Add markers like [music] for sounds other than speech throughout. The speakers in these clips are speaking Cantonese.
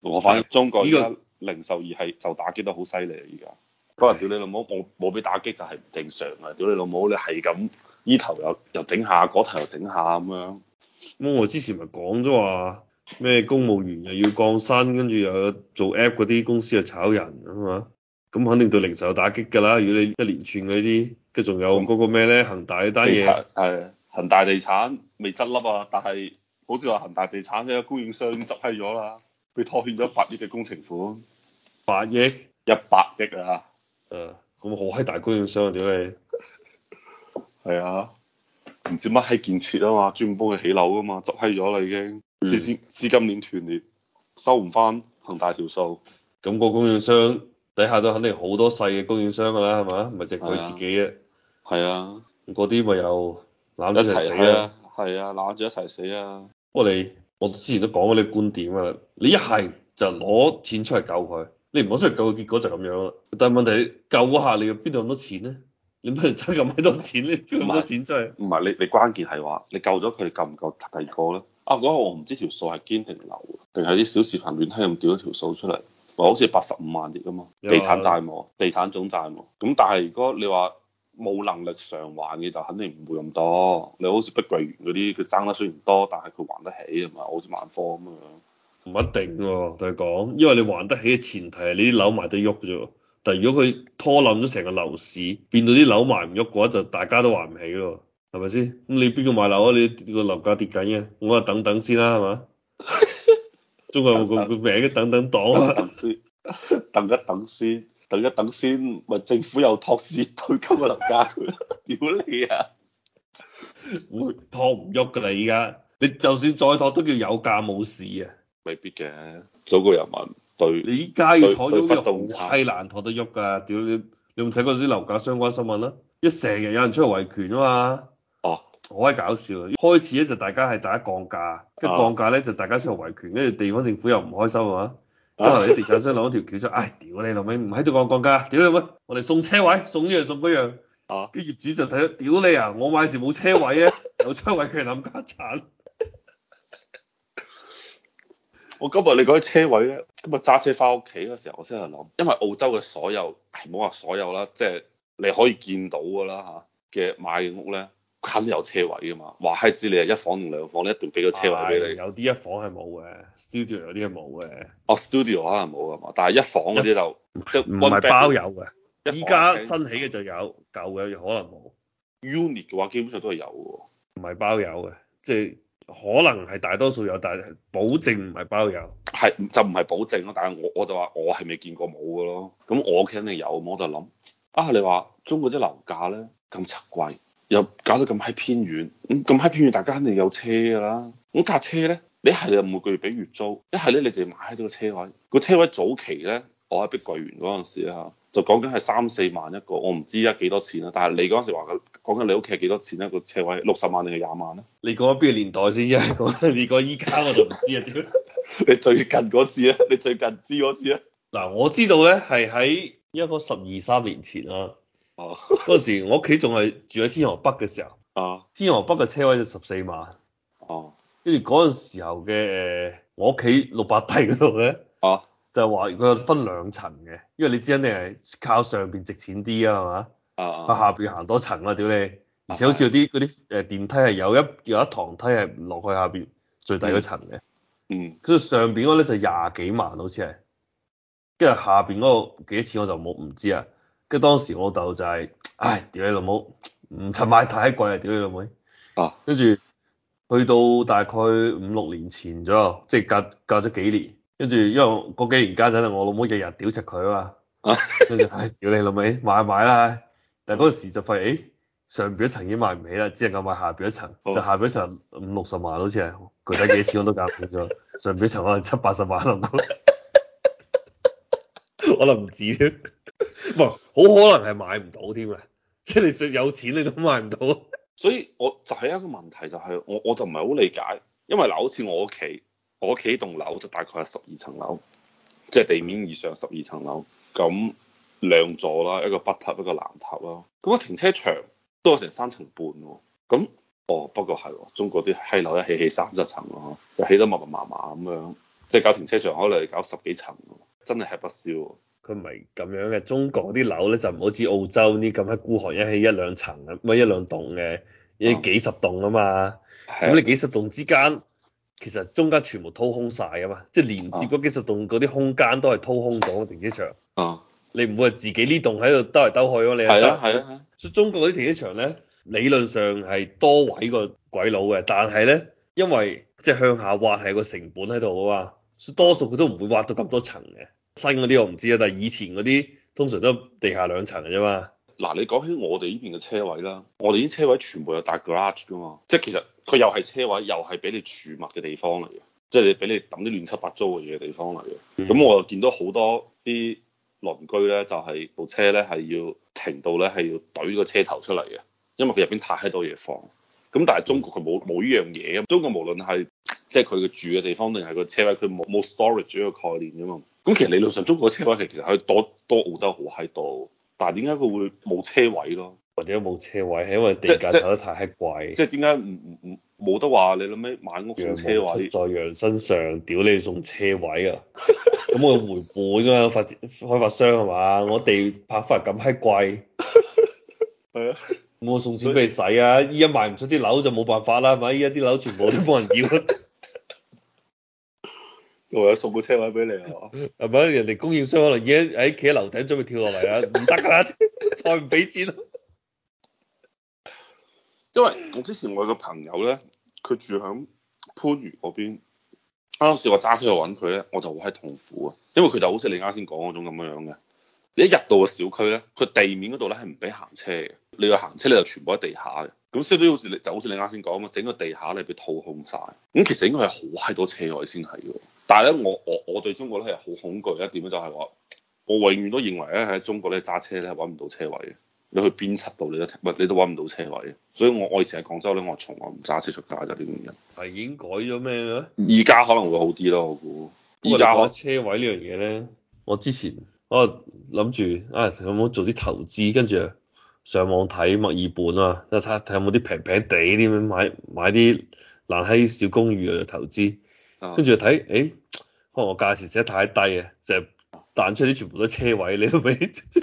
我反正中國而家零售業係唉就打擊得好犀利啊！而家可能屌你老母，冇冇俾打擊就係唔正常啊！屌你老母，你係咁呢頭又又整下，嗰頭又整下咁樣。咁、嗯、我之前咪講咗話咩？公務員又要降薪，跟住又有做 app 嗰啲公司又炒人咁嘛。咁、啊、肯定對零售有打擊噶啦。如果你一連串嗰啲，跟住仲有嗰個咩咧？恒大嗰單嘢係恒大地產未執笠啊，但係好似話恒大地產啲供應商執閪咗啦。佢拖欠咗八億嘅工程款，八億億，一百億啊！誒、嗯，咁好閪大供應商屌你！係啊，唔、 [laughs] 啊、知乜係建設啊嘛，專門幫佢起樓噶嘛，執閪咗啦已經，資金資金鏈斷裂，收唔翻恒大條數。咁、嗯、個供應商底下都肯定好多細嘅供應商噶啦，係咪？唔係淨佢自己啫。係啊，嗰啲咪又，攬住一齊死啊？係啊，攬住、啊、一齊死啊！不過你？我之前都講過你個觀點啊。你一係就攞錢出嚟救佢，你唔攞出嚟救佢，結果就咁樣啦。但係問題救下你，你邊度咁多錢咧？你咩人爭咁多錢咧？咁多錢出去？唔係你？你關鍵係話你救咗佢，夠唔夠提過咧？啊，嗰個我唔知條數係堅定流，定係啲小視頻亂閪咁掉咗條數出嚟，我好似八十五萬億噶嘛，地產債務、地產總債務。咁但係如果你話，冇能力償還嘅就肯定唔會咁多，你好似碧桂園嗰啲佢爭得雖然多，但係佢還得起啊嘛，好似萬科咁啊樣。唔一定喎，佢、就是、講，因為你還得起嘅前提係你啲樓賣得喐啫。但係如果佢拖冧咗成個樓市，變到啲樓賣唔喐嘅話，就大家都還唔起咯，係咪先？咁你邊個買樓啊？你個樓價跌緊嘅，我話等等先啦、啊，係嘛？中國有冇名嘅等等黨等，等，等，等，等一等先。等一等先，咪政府又托市推高個樓價，屌你 [laughs] 啊！會托唔喐噶啦，依家你就算再托都叫有價冇市啊！未必嘅，祖國人民對你依家要托都喐，好難托得喐噶，屌你！你有冇睇過啲樓價相關新聞啦？一成日有人出嚟維權啊嘛！哦、啊，好閪搞笑啊！開始咧就大家係大家降價，價一降價咧就大家出嚟維權，跟住、啊、地方政府又唔開心啊嘛！今 [laughs] 地產商攞條橋出，唉、哎，屌你老味，唔喺度降降價，屌你咩？我哋送車位，送呢樣送嗰樣。哦、啊。啲業主就睇到，屌你啊！我買時冇車位啊，有車位佢諗家產。我今日你講啲車位咧，今日揸車翻屋企嘅時候，我先係諗，因為澳洲嘅所有，唔好話所有啦，即係你可以見到噶啦吓嘅買嘅屋咧。肯有車位㗎嘛。話係知你係一房定兩房，你一定俾個車位你。哎、有啲一房係冇嘅，studio 有啲係冇嘅。哦、oh，studio 可能冇㗎嘛，但係一房嗰啲就唔係包有嘅。依家新起嘅就有，就有，舊嘅就可能冇。unit 嘅話，基本上都係有嘅，唔係包有嘅，即、就、係、是、可能係大多數有，但係保證唔係包有。係就唔係保證咯，但係我我就話我係未見過冇㗎咯。咁我屋企肯定有，我就諗啊，你話中國啲樓價咧咁七貴。又搞到咁閪偏遠，咁咁閪偏遠，大家肯定有車㗎啦。咁架車咧，你係你又每個月俾月租，一係咧你就買喺呢個車位。個車位早期咧，我喺碧桂園嗰陣時咧就講緊係三四萬一個。我唔知而家幾多錢啦，但係你嗰陣時話嘅講緊你屋企係幾多錢一個車位？六十萬定係廿萬咧？你講緊邊個年代先啫？講 [laughs] 你講依家我就唔知啊！ [laughs] [laughs] 你最近嗰次啊？你最近知嗰次啊？嗱，我知道咧，係喺一個十二三年前啦。哦，嗰陣時我屋企仲係住喺天河北嘅時候，啊，天河北嘅車位就十四萬，哦，跟住嗰陣時候嘅誒、呃，我屋企六百梯嗰度咧，哦、啊，就係話佢分兩層嘅，因為你知肯定係靠上邊值錢啲啊，係嘛？啊，下邊行多層啊，屌你，而且好似有啲嗰啲誒電梯係有一有一堂梯係落去下邊最低嗰層嘅、嗯，嗯，跟住上邊嗰咧就廿幾萬好似係，跟住下邊嗰個幾多錢我就冇唔知啊。跟住當時我老豆就係、是，唉屌你老母，唔趁買太貴啊！屌你老妹，跟住去到大概五六年前左右，即係隔隔咗幾年，跟住因為嗰幾年間真係我老母日日屌柒佢啊嘛，跟住屌你老妹買買啦，但係嗰陣時就發現，誒、欸、上邊一層已經買唔起啦，只能夠買下邊一層，好的 就下邊一層五六十萬好似係，具體幾錢我都記唔到咗， [laughs] 上邊一層可能七八十萬啦，可能唔止好可能係買唔到添啊！即係你就算有錢，你都買唔到。所以我就係一個問題，就係我我就唔係好理解，因為嗱，好似我屋企，我屋企棟樓就大概係十二層樓，即係地面以上十二層樓，咁兩座啦，一個北塔，一個南塔啦，咁個停車場都有成三層半喎。咁哦，不過係、哦、中國啲墟樓一起起三七層咯，就起得密密麻麻咁樣，即係搞停車場可能搞十幾層、啊，真係吃不消、啊。佢唔係咁樣嘅，中國嗰啲樓咧就唔好似澳洲呢咁喺孤寒一起一兩層，唔係一兩棟嘅，依幾十棟啊嘛。咁、啊、你幾十棟之間，其實中間全部掏空晒啊嘛，即係、啊、連接嗰幾十棟嗰啲空間都係掏空咗停車場。啊，你唔會自己呢棟喺度兜嚟兜去咯。你係得係啊，啊啊啊所以中國嗰啲停車場咧，理論上係多位過鬼佬嘅，但係咧，因為即係向下挖係個成本喺度啊嘛，所以多數佢都唔會挖到咁多層嘅。新嗰啲我唔知啊，但係以前嗰啲通常都地下兩層嘅啫嘛。嗱，你講起我哋呢邊嘅車位啦，我哋啲車位全部有帶 garage 噶嘛，即係其實佢又係車位，又係俾你儲物嘅地方嚟嘅，即係俾你抌啲亂七八糟嘅嘢地方嚟嘅。咁、嗯、我就見到好多啲鄰居咧，就係、是、部車咧係要停到咧係要懟個車頭出嚟嘅，因為佢入邊太多嘢放。咁但係中國佢冇冇依樣嘢嘅，中國無論係即係佢嘅住嘅地方定係個車位，佢冇冇 storage 依個概念嘅嘛。咁其實理論上，中國車位其實可以多多澳洲好喺度，但係點解佢會冇車位咯？或者冇車位係因為地價炒得太閪貴。即係點解唔唔唔冇得話？你諗咩買屋送車位？出在羊身上，屌你送車位啊！咁 [laughs] 我回本㗎、啊、嘛，發展開發商係嘛？我哋拍翻咁閪貴，係啊！咁我送錢俾你使啊！依家賣唔出啲樓就冇辦法啦，係咪？依家啲樓全部都冇人要 [laughs] 我有送部車位俾你啊？係咪？ [laughs] 人哋供應商可能已經喺企喺樓頂準備跳落嚟啦，唔得㗎啦， [laughs] [laughs] 再唔俾錢。因為我之前我有個朋友咧，佢住響番禺嗰邊，啱啱試過揸車去揾佢咧，我就會係痛苦啊。因為佢就好似你啱先講嗰種咁樣樣嘅，你一入到個小區咧，佢地面嗰度咧係唔俾行車嘅，你要行車你就全部喺地下嘅。咁所以好似你就好似你啱先講咁，整個地下咧被掏空晒，咁其實應該係好閪多車位先係嘅。但係咧，我我我對中國咧係好恐懼一點咧，就係話，我我永遠都認為咧喺中國咧揸車咧揾唔到車位嘅。你去邊七度你都唔你都揾唔到車位嘅。所以我我以前喺廣州咧，我從來唔揸車出街，就呢樣嘢。係已經改咗咩咩？而家可能會好啲咯，我估。而家過我車位呢樣嘢咧，我之前我諗住啊有冇做啲投資，跟住。上網睇墨爾本啊，睇下有冇啲平平地啲咁買買啲難睇小公寓嚟投資，跟住就睇，誒、欸、可能我價錢寫得太低啊，就係、是、彈出啲全部都車位，你都未， [laughs] 真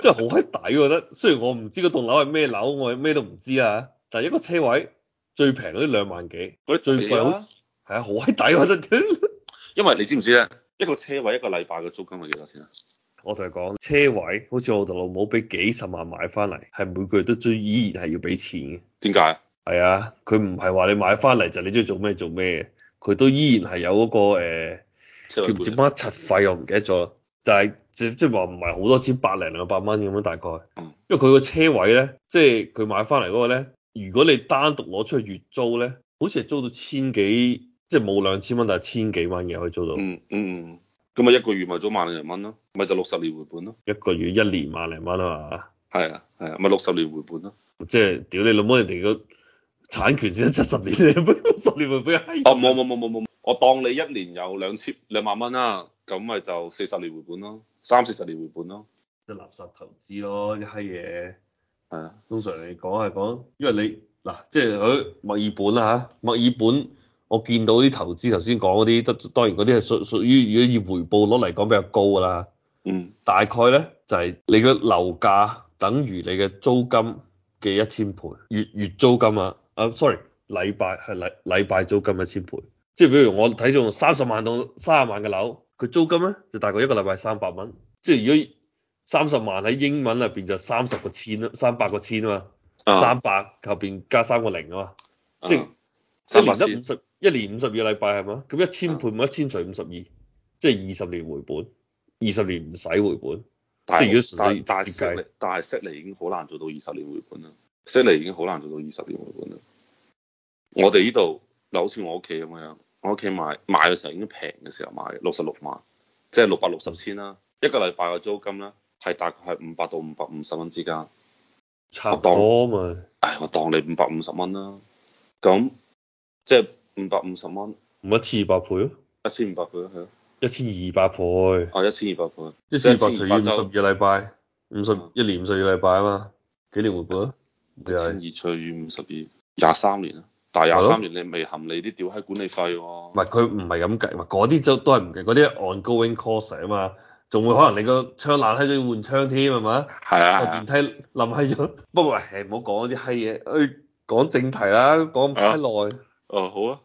係好閪抵啊！我覺得雖然我唔知嗰棟樓係咩樓，我咩都唔知啊，但係一個車位最平嗰啲兩萬幾，嗰啲最貴好似係啊，好閪抵啊！我覺得， [laughs] 因為你知唔知啊，一個車位一個禮拜嘅租金係幾多錢啊？我就係講車位，好似我同老母俾幾十萬買翻嚟，係每個月都最依然係要俾錢嘅。點解？係啊，佢唔係話你買翻嚟就你中意做咩做咩，佢都依然係有嗰、那個誒、呃、叫唔叫乜柒費，我唔記得咗。就係即即話唔係好多錢，百零兩百蚊咁樣大概。因為佢個車位咧，即係佢買翻嚟嗰個咧，如果你單獨攞出去月租咧，好似係租到千幾，即係冇兩千蚊，但係千幾蚊嘅可以租到嗯。嗯嗯嗯。咁咪一個月咪租萬零蚊咯，咪就六十年回本咯。一個月一年萬零蚊啊嘛，係啊係，咪六十年回本咯。即係屌你老母，人哋個產權先七十年，你六十年回本、啊？閪、哦？冇冇冇冇冇，我當你一年有兩千兩萬蚊啦、啊，咁咪就四十年回本咯、啊，三四十年回本咯、啊，即係垃圾投資咯，啲閪嘢係啊。啊通常你講係講，因為你嗱即係佢墨爾本啦、啊、嚇，墨爾本。我見到啲投資頭先講嗰啲，都當然嗰啲係屬屬於，如果以回報率嚟講比較高㗎啦。嗯。大概咧就係、是、你嘅樓價等於你嘅租金嘅一千倍，月月租金啊。啊，sorry，禮拜係禮禮拜租金一千倍。即係比如我睇中三十萬到三十萬嘅樓，佢租金咧就大概一個禮拜三百蚊。即係如果三十萬喺英文入邊就三十個千啦，三百個千啊嘛，三百、啊、後邊加三個零啊嘛，即係即係連五十。啊。一年五十二個禮拜係嘛？咁一千倍冇一千除五十二，即係二十年回本，二十年唔使回本。但係如果純粹計是，但係悉尼已經好難做到二十年回本啦。悉尼已經好難做到二十年回本啦。我哋呢度嗱，好似我屋企咁樣，我屋企買買嘅時候已經平嘅時候買嘅，六十六萬，即係六百六十千啦，啊。一個禮拜嘅租金咧，係大概係五百到五百五十蚊之間，差唔多嘛。唉，我當你五百五十蚊啦。咁即係。五百五十蚊，唔一千二百倍咯，一千五百倍係咯，一千二百倍，啊一千二百倍，一千二百除以五十二個禮拜，五十一年五十二個禮拜啊嘛，幾年回本啊？一千二除以五十二，廿三年啊，但係廿三年你未含你啲屌閪管理費喎，唔係佢唔係咁計，唔嗰啲都都係唔計，嗰啲 on-going cost 啊嘛，仲會可能你個窗爛喺度要換窗添係嘛？係啊，個電梯淋閪咗，不過係唔好講啲閪嘢，講正題啦，講咁閪耐。哦，好啊。